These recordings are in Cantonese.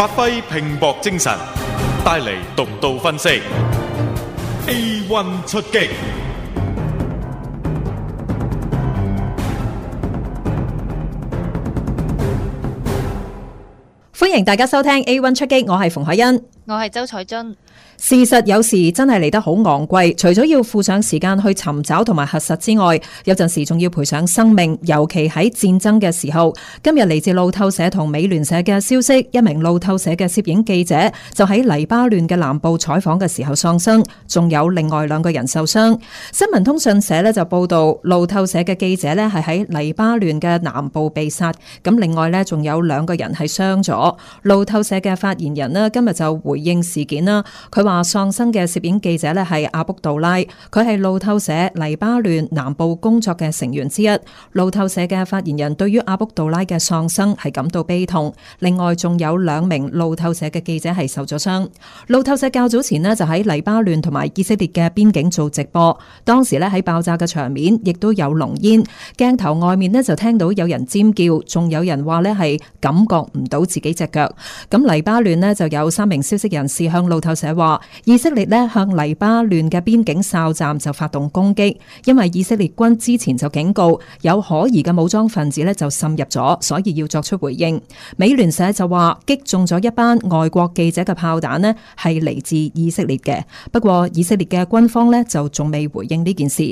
發揮拼搏精神，帶嚟獨到分析。A one 出擊，歡迎大家收聽 A one 出擊，我係馮海恩。我係周彩津。事實有時真係嚟得好昂貴，除咗要付上時間去尋找同埋核實之外，有陣時仲要賠上生命，尤其喺戰爭嘅時候。今日嚟自路透社同美聯社嘅消息，一名路透社嘅攝影記者就喺黎巴嫩嘅南部採訪嘅時候喪生，仲有另外兩個人受傷。新聞通訊社呢就報道，路透社嘅記者呢係喺黎巴嫩嘅南部被殺，咁另外呢，仲有兩個人係傷咗。路透社嘅發言人呢，今日就回。應事件啦，佢話喪生嘅攝影記者呢係阿卜杜拉，佢係路透社黎巴嫩南部工作嘅成員之一。路透社嘅發言人對於阿卜杜拉嘅喪生係感到悲痛。另外仲有兩名路透社嘅記者係受咗傷。路透社較早前呢就喺黎巴嫩同埋以色列嘅邊境做直播，當時呢喺爆炸嘅場面亦都有濃煙，鏡頭外面呢就聽到有人尖叫，仲有人話呢係感覺唔到自己隻腳。咁黎巴嫩呢就有三名消息人士向路透社話，以色列咧向黎巴嫩嘅邊境哨站就發動攻擊，因為以色列軍之前就警告有可疑嘅武裝分子咧就滲入咗，所以要作出回應。美聯社就話擊中咗一班外國記者嘅炮彈咧係嚟自以色列嘅，不過以色列嘅軍方咧就仲未回應呢件事。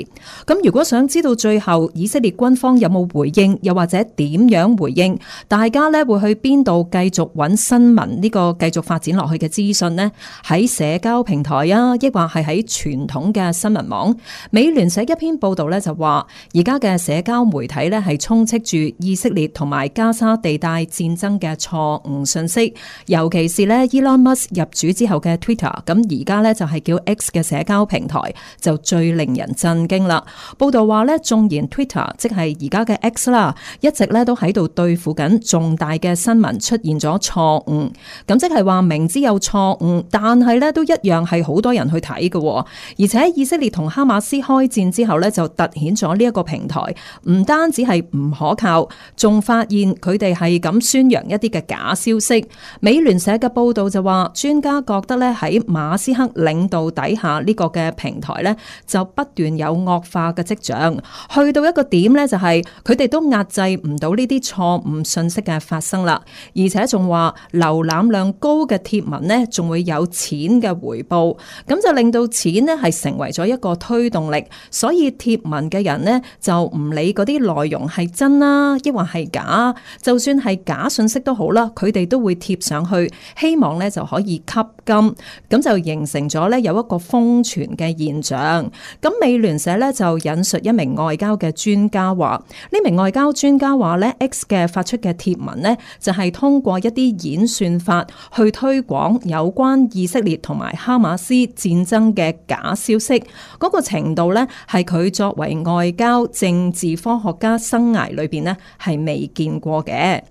咁如果想知道最後以色列軍方有冇回應，又或者點樣回應，大家咧會去邊度繼續搵新聞呢個繼續發展落去嘅？資訊咧喺社交平台啊，亦或係喺傳統嘅新聞網。美聯社一篇報道咧就話，而家嘅社交媒體咧係充斥住以色列同埋加沙地帶戰爭嘅錯誤信息，尤其是呢、e、Elon Musk 入主之後嘅 Twitter，咁而家呢，就係叫 X 嘅社交平台就最令人震驚啦。報道話呢，縱然 Twitter 即係而家嘅 X 啦，一直呢都喺度對付緊重大嘅新聞出現咗錯誤，咁即係話明知有。錯誤，但係咧都一樣係好多人去睇㗎喎，而且以色列同哈馬斯開戰之後呢，就突顯咗呢一個平台唔單止係唔可靠，仲發現佢哋係咁宣揚一啲嘅假消息。美聯社嘅報道就話，專家覺得呢喺馬斯克領導底下呢個嘅平台呢，就不斷有惡化嘅跡象，去到一個點呢，就係佢哋都壓制唔到呢啲錯誤信息嘅發生啦，而且仲話瀏覽量高嘅貼文呢。仲會有錢嘅回報，咁就令到錢呢係成為咗一個推動力，所以貼文嘅人呢，就唔理嗰啲內容係真啦，抑或係假，就算係假信息都好啦，佢哋都會貼上去，希望呢就可以吸金，咁就形成咗呢有一個瘋傳嘅現象。咁美聯社呢，就引述一名外交嘅專家話，呢名外交專家話呢 X 嘅發出嘅貼文呢，就係通過一啲演算法去推廣。有關以色列同埋哈馬斯戰爭嘅假消息，嗰個程度呢係佢作為外交政治科學家生涯裏邊呢係未見過嘅。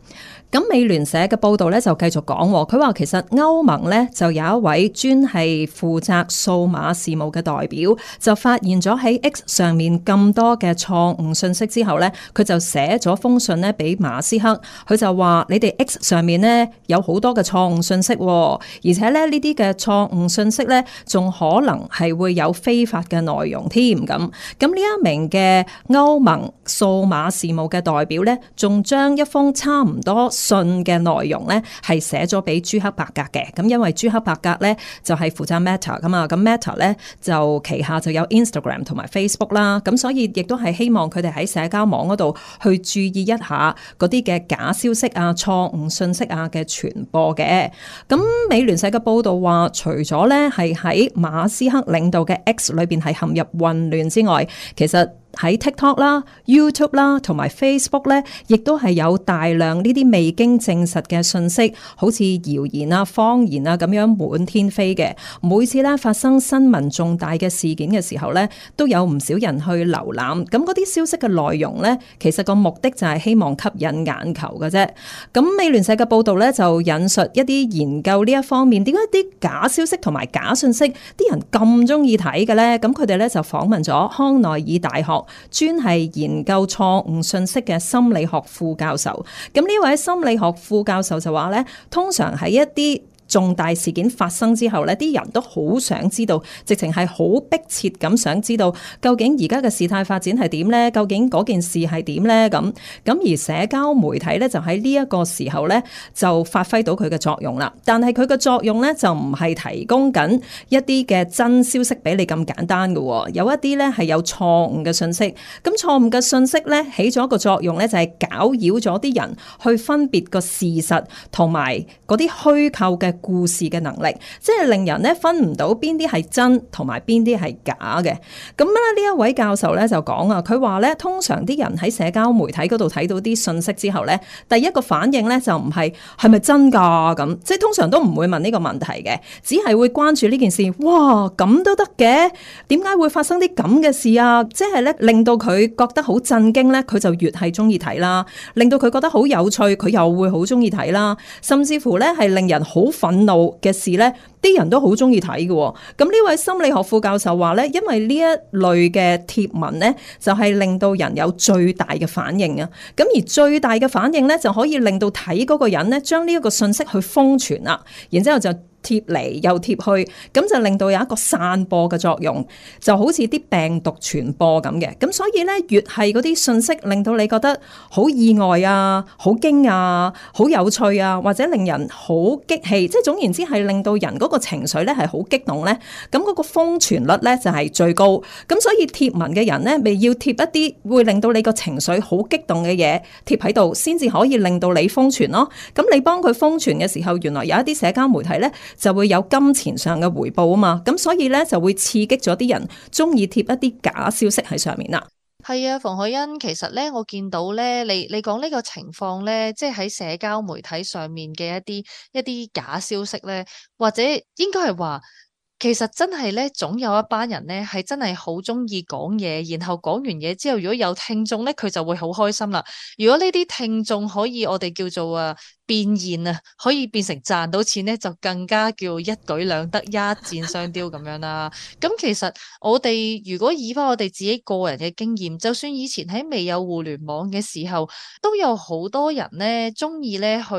咁美聯社嘅報道咧就繼續講，佢話其實歐盟咧就有一位專係負責數碼事務嘅代表，就發現咗喺 X 上面咁多嘅錯誤信息之後咧，佢就寫咗封信咧俾馬斯克，佢就話你哋 X 上面咧有好多嘅錯誤信息，而且咧呢啲嘅錯誤信息咧仲可能係會有非法嘅內容添，咁咁呢一名嘅歐盟數碼事務嘅代表咧，仲將一封差唔多。信嘅內容咧係寫咗俾朱克伯格嘅，咁因為朱克伯格咧就係負責 Meta 㗎嘛，咁 Meta 咧就旗下就有 Instagram 同埋 Facebook 啦，咁所以亦都係希望佢哋喺社交網嗰度去注意一下嗰啲嘅假消息啊、錯誤信息啊嘅傳播嘅。咁美聯社嘅報導話，除咗咧係喺馬斯克領導嘅 X 裏邊係陷入混亂之外，其實。喺 TikTok 啦、YouTube 啦同埋 Facebook 咧，亦都係有大量呢啲未經證實嘅信息，好似謠言啊、謊言啊咁樣滿天飛嘅。每次咧發生新聞重大嘅事件嘅時候咧，都有唔少人去瀏覽。咁啲消息嘅內容咧，其實個目的就係希望吸引眼球嘅啫。咁美聯社嘅報道咧，就引述一啲研究呢一方面，點解啲假消息同埋假信息啲人咁中意睇嘅咧？咁佢哋咧就訪問咗康奈爾大學。專係研究錯誤信息嘅心理學副教授，咁呢位心理學副教授就話呢，通常喺一啲，重大事件發生之後咧，啲人都好想知道，直情係好迫切咁想知道，究竟而家嘅事態發展係點咧？究竟嗰件事係點咧？咁咁而社交媒體咧就喺呢一個時候咧就發揮到佢嘅作用啦。但係佢嘅作用咧就唔係提供緊一啲嘅真消息俾你咁簡單嘅，有一啲咧，係有錯誤嘅信息。咁錯誤嘅信息咧起咗一個作用咧，就係攪擾咗啲人去分別個事實同埋嗰啲虛構嘅。故事嘅能力，即係令人咧分唔到邊啲係真同埋邊啲係假嘅。咁咧呢一位教授咧就講啊，佢話咧通常啲人喺社交媒體嗰度睇到啲信息之後咧，第一個反應咧就唔係係咪真噶？咁，即係通常都唔會問呢個問題嘅，只係會關注呢件事。哇，咁都得嘅？點解會發生啲咁嘅事啊？即係咧令到佢覺得好震驚咧，佢就越係中意睇啦。令到佢覺得好有趣，佢又會好中意睇啦。甚至乎咧係令人好煩憤怒嘅事咧。啲人都好中意睇嘅，咁呢位心理學副教授話咧，因為呢一類嘅貼文咧，就係令到人有最大嘅反應啊。咁而最大嘅反應咧，就可以令到睇嗰個人咧，將呢一個信息去瘋傳啦。然之後就貼嚟又貼去，咁就令到有一個散播嘅作用，就好似啲病毒傳播咁嘅。咁所以咧，越係嗰啲信息令到你覺得好意外啊、好驚啊、好有趣啊，或者令人好激氣，即係總言之係令到人嗰。個情緒咧係好激動咧，咁、那、嗰個瘋傳率咧就係最高，咁所以貼文嘅人咧，咪要貼一啲會令到你個情緒好激動嘅嘢貼喺度，先至可以令到你瘋傳咯。咁你幫佢瘋傳嘅時候，原來有一啲社交媒體咧就會有金錢上嘅回報啊嘛，咁所以咧就會刺激咗啲人中意貼一啲假消息喺上面啦。係啊，馮海欣，其實咧，我見到咧，你你講呢個情況咧，即係喺社交媒體上面嘅一啲一啲假消息咧，或者應該係話，其實真係咧，總有一班人咧係真係好中意講嘢，然後講完嘢之後，如果有聽眾咧，佢就會好開心啦。如果呢啲聽眾可以，我哋叫做啊。變現啊，可以變成賺到錢咧，就更加叫一舉兩得、一箭雙雕咁樣啦。咁 其實我哋如果以翻我哋自己個人嘅經驗，就算以前喺未有互聯網嘅時候，都有好多人咧中意咧去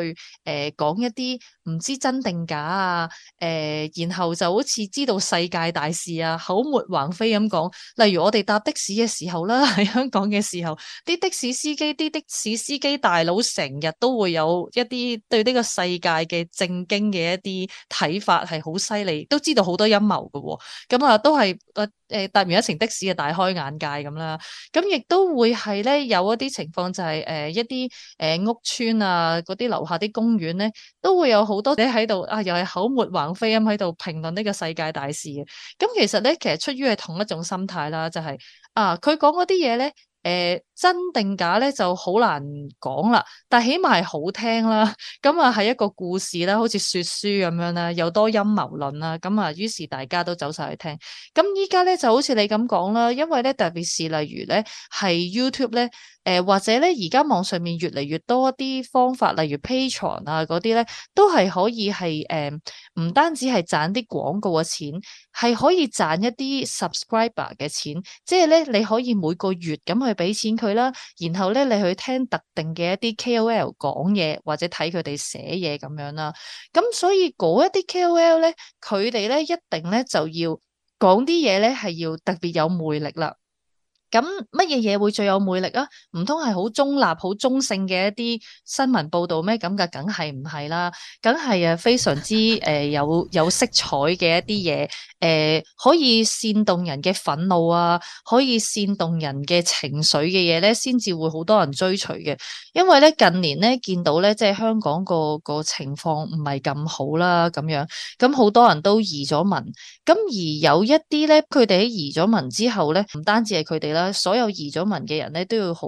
誒講、呃、一啲唔知真定假啊，誒、呃、然後就好似知道世界大事啊口沫橫飛咁講。例如我哋搭的士嘅時候啦，喺香港嘅時候，啲的士司機、啲的士司機大佬成日都會有一啲。啲對呢個世界嘅正經嘅一啲睇法係好犀利，都知道好多陰謀嘅、哦，咁、嗯、啊都係誒誒搭完一程的士啊大開眼界咁啦，咁、嗯、亦都會係咧有一啲情況就係、是、誒、呃、一啲誒、呃、屋村啊嗰啲樓下啲公園咧都會有好多你喺度啊又係口沫橫飛咁喺度評論呢個世界大事嘅，咁、嗯嗯、其實咧其實出於係同一種心態啦，就係、是、啊佢講嗰啲嘢咧。誒、呃，真定假咧就好難講啦，但起碼係好聽啦，咁啊係一個故事啦，好似說書咁樣啦，有多陰謀論啦，咁啊於是大家都走晒去聽，咁依家咧就好似你咁講啦，因為咧特別是例如咧係 YouTube 咧，誒、呃、或者咧而家網上面越嚟越多一啲方法，例如 Patreon 啊嗰啲咧，都係可以係誒唔單止係賺啲廣告嘅錢，係可以賺一啲 subscriber 嘅錢，即係咧你可以每個月咁去。去俾錢佢啦，然後咧你去聽特定嘅一啲 KOL 講嘢，或者睇佢哋寫嘢咁樣啦。咁所以嗰一啲 KOL 咧，佢哋咧一定咧就要講啲嘢咧係要特別有魅力啦。咁乜嘢嘢會最有魅力啊？唔通係好中立、好中性嘅一啲新聞報道咩咁噶？梗係唔係啦，梗係啊非常之誒、呃、有有色彩嘅一啲嘢誒，可以煽動人嘅憤怒啊，可以煽動人嘅情緒嘅嘢咧，先至會好多人追隨嘅。因為咧近年咧見到咧即係香港個個情況唔係咁好啦，咁樣咁好多人都移咗民，咁而有一啲咧佢哋移咗民之後咧，唔單止係佢哋啦。所有移咗民嘅人咧，都要好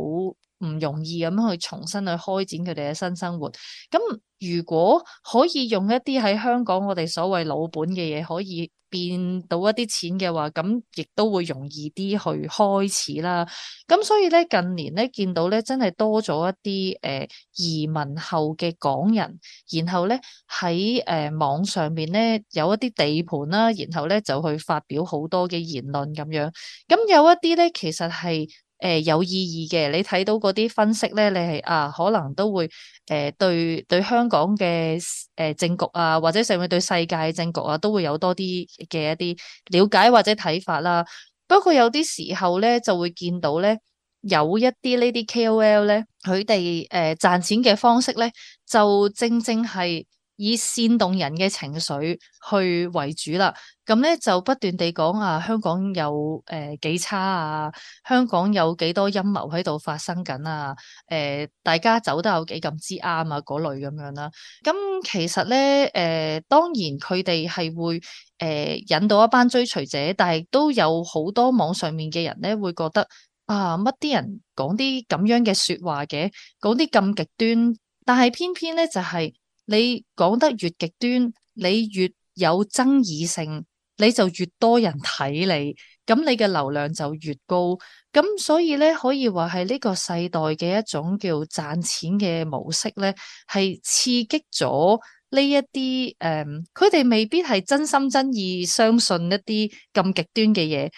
唔容易咁樣去重新去開展佢哋嘅新生活。咁如果可以用一啲喺香港我哋所謂老本嘅嘢，可以變到一啲錢嘅話，咁亦都會容易啲去開始啦。咁所以咧近年咧見到咧真係多咗一啲誒、呃、移民後嘅港人，然後咧喺誒網上邊咧有一啲地盤啦，然後咧就去發表好多嘅言論咁樣。咁有一啲咧其實係。誒、呃、有意義嘅，你睇到嗰啲分析咧，你係啊，可能都會誒、呃、對對香港嘅誒、呃、政局啊，或者甚至對世界嘅政局啊，都會有多啲嘅一啲了解或者睇法啦。不過有啲時候咧，就會見到咧有一啲呢啲 KOL 咧，佢哋誒賺錢嘅方式咧，就正正係。以煽動人嘅情緒去為主啦，咁咧就不斷地講啊，香港有誒幾、呃、差啊，香港有幾多陰謀喺度發生緊啊，誒、呃、大家走得有幾咁之啱啊嗰類咁樣啦。咁其實咧誒、呃，當然佢哋係會誒、呃、引到一班追隨者，但係都有好多網上面嘅人咧會覺得啊，乜啲人講啲咁樣嘅説話嘅，講啲咁極端，但係偏偏咧就係、是。你講得越極端，你越有爭議性，你就越多人睇你，咁你嘅流量就越高。咁所以咧，可以話係呢個世代嘅一種叫賺錢嘅模式咧，係刺激咗呢一啲誒，嗯、佢哋未必係真心真意相信一啲咁極端嘅嘢。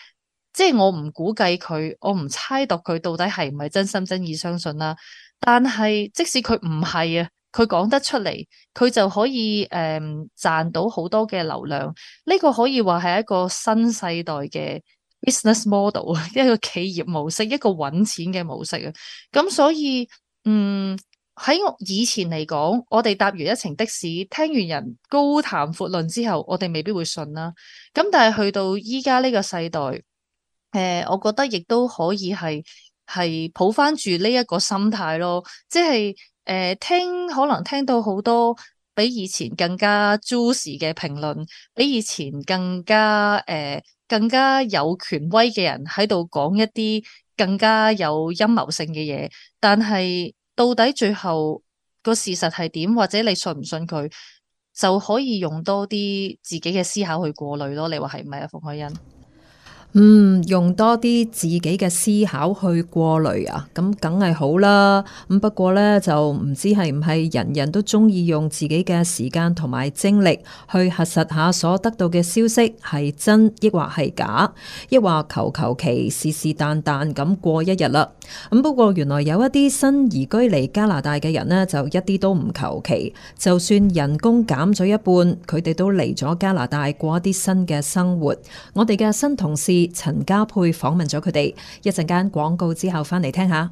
即係我唔估計佢，我唔猜度佢到底係唔係真心真意相信啦、啊。但係即使佢唔係啊～佢講得出嚟，佢就可以誒賺、呃、到好多嘅流量。呢、這個可以話係一個新世代嘅 business model 啊，一個企業模式，一個揾錢嘅模式啊。咁所以，嗯，喺以前嚟講，我哋搭完一程的士，聽完人高談闊論之後，我哋未必會信啦。咁但係去到依家呢個世代，誒、呃，我覺得亦都可以係係抱翻住呢一個心態咯，即係。誒、呃，聽可能聽到好多比以前更加 juicy 嘅評論，比以前更加誒、呃，更加有權威嘅人喺度講一啲更加有陰謀性嘅嘢，但係到底最後個事實係點？或者你信唔信佢就可以用多啲自己嘅思考去過濾咯。你話係唔係啊，馮海欣？嗯，用多啲自己嘅思考去過濾啊，咁梗係好啦。咁、嗯、不過咧，就唔知係唔係人人都中意用自己嘅時間同埋精力去核實下所得到嘅消息係真，抑或係假，抑或求求其是是但但咁過一日啦。咁、嗯、不過原來有一啲新移居嚟加拿大嘅人咧，就一啲都唔求其，就算人工減咗一半，佢哋都嚟咗加拿大過一啲新嘅生活。我哋嘅新同事。陳家佩訪問咗佢哋，一陣間廣告之後返嚟聽下。